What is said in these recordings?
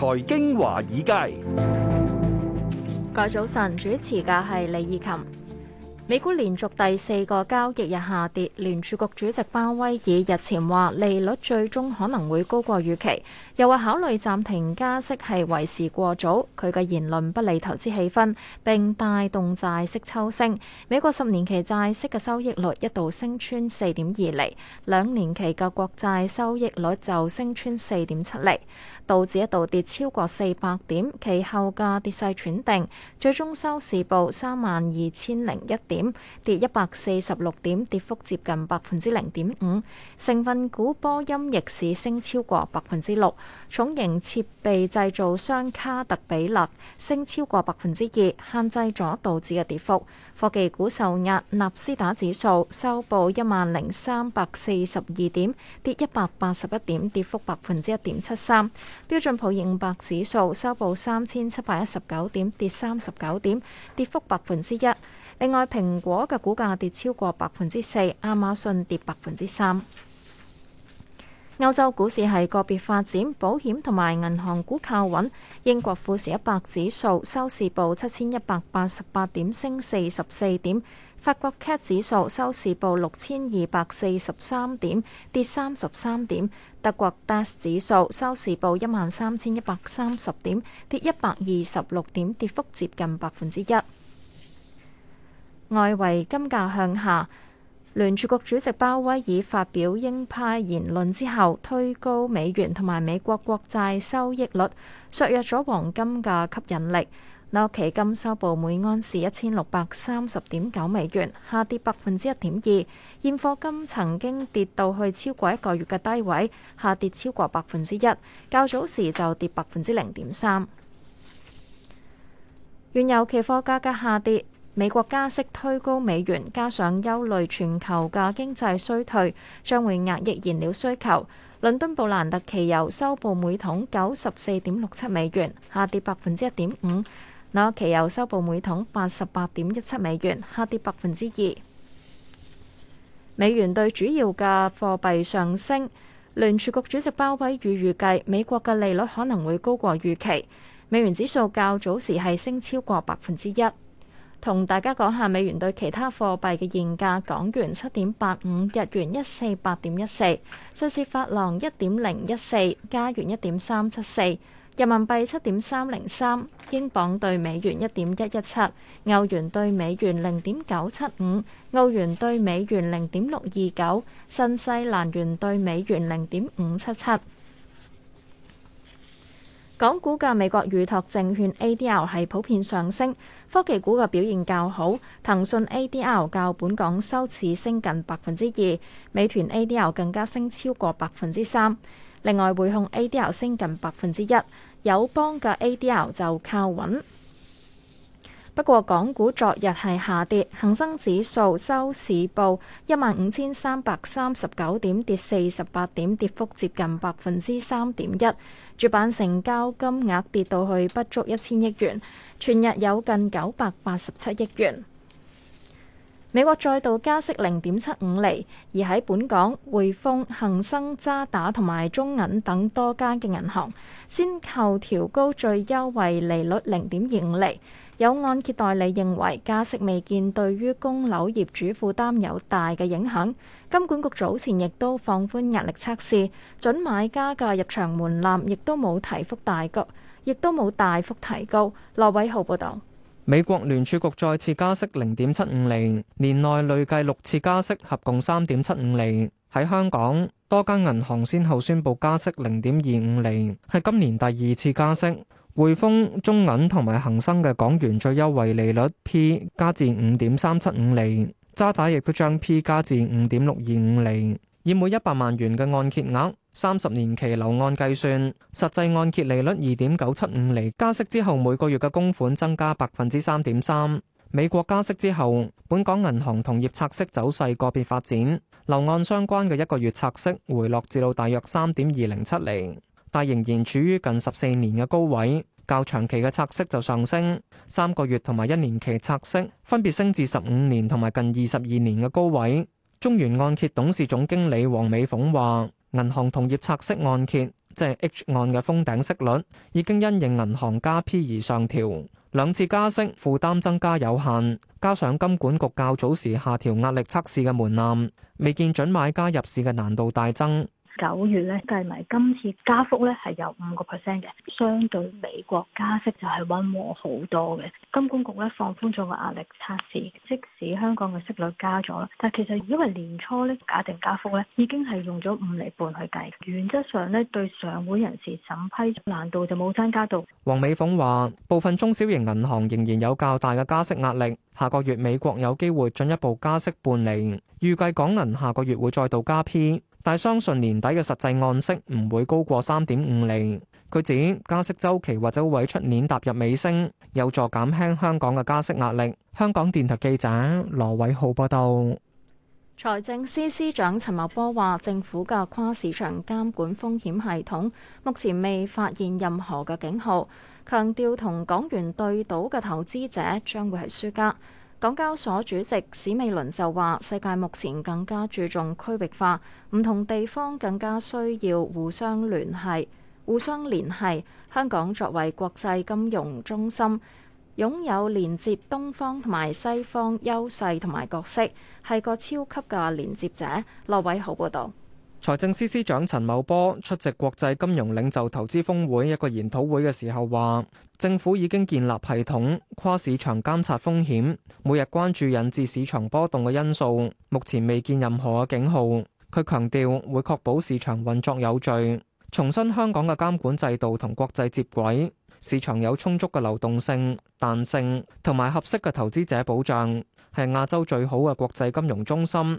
財經華爾街。各位早晨，主持嘅係李義琴。美股連續第四個交易日下跌，聯儲局主席鮑威爾日前話利率最終可能會高過預期，又話考慮暫停加息係為時過早。佢嘅言論不利投資氣氛，並帶動債息抽升。美國十年期債息嘅收益率一度升穿4.2厘，兩年期嘅國債收益率就升穿4.7厘，道指一度跌超過400點，其後嘅跌勢喘定，最終收市報32,001點，點跌一百四十六點，跌幅接近百分之零點五。成分股波音逆市升超過百分之六，重型設備製造商卡特彼勒升超過百分之二，限制咗道指嘅跌幅。科技股受壓，納斯達克指數收報一萬零三百四十二點，跌一百八十一點，跌幅百分之一點七三。標準普爾五百指數收報三千七百一十九點，跌三十九點，跌幅百分之一。另外，蘋果嘅股價跌超過百分之四，亞馬遜跌百分之三。歐洲股市係個別發展，保險同埋銀行股靠穩。英國富時一百指數收市報七千一百八十八點，升四十四點。法國 CAC 指數收市報六千二百四十三點，跌三十三點。德國 DAX 指數收市報一萬三千一百三十點，跌一百二十六點，跌幅接近百分之一。外圍金價向下，聯儲局主席鮑威爾發表鷹派言論之後，推高美元同埋美國國債收益率，削弱咗黃金嘅吸引力。紐期金收報每安士一千六百三十點九美元，下跌百分之一點二。現貨金曾經跌到去超過一個月嘅低位，下跌超過百分之一。較早時就跌百分之零點三。原油期貨價格下跌。美國加息推高美元，加上憂慮全球嘅經濟衰退，將會壓抑燃料需求。倫敦布蘭特期油收報每桶九十四點六七美元，下跌百分之一點五；那期油收報每桶八十八點一七美元，下跌百分之二。美元對主要嘅貨幣上升。聯儲局主席鮑威爾預計美國嘅利率可能會高過預期，美元指數較早時係升超過百分之一。同大家講下美元對其他貨幣嘅現價：港元七點八五，日元一四八點一四，瑞士法郎一點零一四，加元一點三七四，人民幣七點三零三，英鎊對美元一點一一七，歐元對美元零點九七五，澳元對美元零點六二九，新西蘭元對美元零點五七七。港股嘅美國預託證券 ADL 係普遍上升。科技股嘅表現較好，騰訊 ADR 較本港收市升近百分之二，美團 ADR 更加升超過百分之三。另外，匯控 ADR 升近百分之一，友邦嘅 ADR 就靠穩。不過，港股昨日係下跌，恒生指數收市報一萬五千三百三十九點，跌四十八點，跌幅接近百分之三點一。主板成交金額跌到去不足一千億元，全日有近九百八十七億元。美國再度加息零點七五厘，而喺本港，匯豐、恒生、渣打同埋中銀等多家嘅銀行先後調高最優惠利率零點二五厘。有按揭代理認為加息未見對於供樓業主負擔有大嘅影響。金管局早前亦都放寬壓力測試，準買家嘅入場門檻亦都冇提幅大，亦都冇大幅提高。羅偉浩報導。美國聯儲局再次加息零點七五厘，年內累計六次加息，合共三點七五厘。喺香港，多間銀行先後宣布加息零點二五厘，係今年第二次加息。匯豐、中銀同埋恒生嘅港元最優惠利率 P 加至五點三七五厘，渣打亦都將 P 加至五點六二五厘。以每一百萬元嘅按揭額、三十年期樓按計算，實際按揭利率二點九七五厘。加息之後每個月嘅供款增加百分之三點三。美國加息之後，本港銀行同業拆息走勢個別發展，樓按相關嘅一個月拆息回落至到大約三點二零七厘。但仍然處於近十四年嘅高位，較長期嘅拆息就上升，三個月同埋一年期拆息分別升至十五年同埋近二十二年嘅高位。中原按揭董事總經理黃美鳳話，銀行同業拆息按揭，即係 H 按嘅封頂息率，已經因應銀行加 P 而上調，兩次加息負擔增加有限，加上金管局較早時下調壓力測試嘅門檻，未見準買家入市嘅難度大增。九月咧計埋今次加幅咧係有五個 percent 嘅，相對美國加息就係溫和好多嘅。金管局咧放寬咗個壓力測試，即使香港嘅息率加咗，但其實因為年初咧假定加幅咧已經係用咗五厘半去計，原則上咧對上會人士審批難度就冇增加到。黃美鳳話：部分中小型銀行仍然有較大嘅加息壓力，下個月美國有機會進一步加息半釐，預計港銀下個月會再度加 P。但相信年底嘅實際按息唔會高過三點五釐。佢指加息周期或者會出年踏入尾聲，有助減輕香港嘅加息壓力。香港電台記者羅偉浩報道。財政司司長陳茂波話，政府嘅跨市場監管風險系統目前未發現任何嘅警號，強調同港元對賭嘅投資者將會係輸家。港交所主席史美倫就話：世界目前更加注重區域化，唔同地方更加需要互相聯繫，互相聯繫，香港作為國際金融中心，擁有連接東方同埋西方優勢同埋角色，係個超級嘅連接者。羅偉豪報道。財政司司長陳茂波出席國際金融領袖投資峰會一個研討會嘅時候話，政府已經建立系統跨市場監察風險，每日關注引致市場波動嘅因素，目前未見任何嘅警號。佢強調會確保市場運作有序，重申香港嘅監管制度同國際接軌，市場有充足嘅流動性、彈性同埋合適嘅投資者保障，係亞洲最好嘅國際金融中心。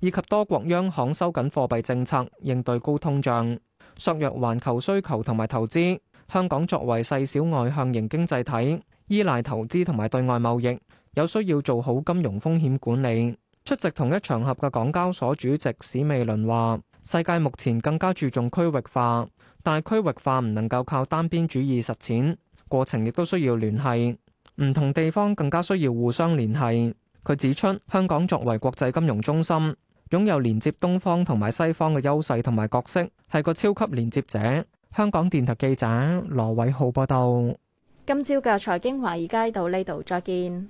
以及多國央行收緊貨幣政策，應對高通脹，削弱環球需求同埋投資。香港作為細小外向型經濟體，依賴投資同埋對外貿易，有需要做好金融風險管理。出席同一場合嘅港交所主席史美倫話，世界目前更加注重區域化，但係區域化唔能夠靠單邊主義實踐，過程亦都需要聯繫，唔同地方更加需要互相聯繫。佢指出，香港作為國際金融中心，擁有連接東方同埋西方嘅優勢同埋角色，係個超級連接者。香港電台記者羅偉浩報道。今朝嘅財經華爾街到呢度，再見。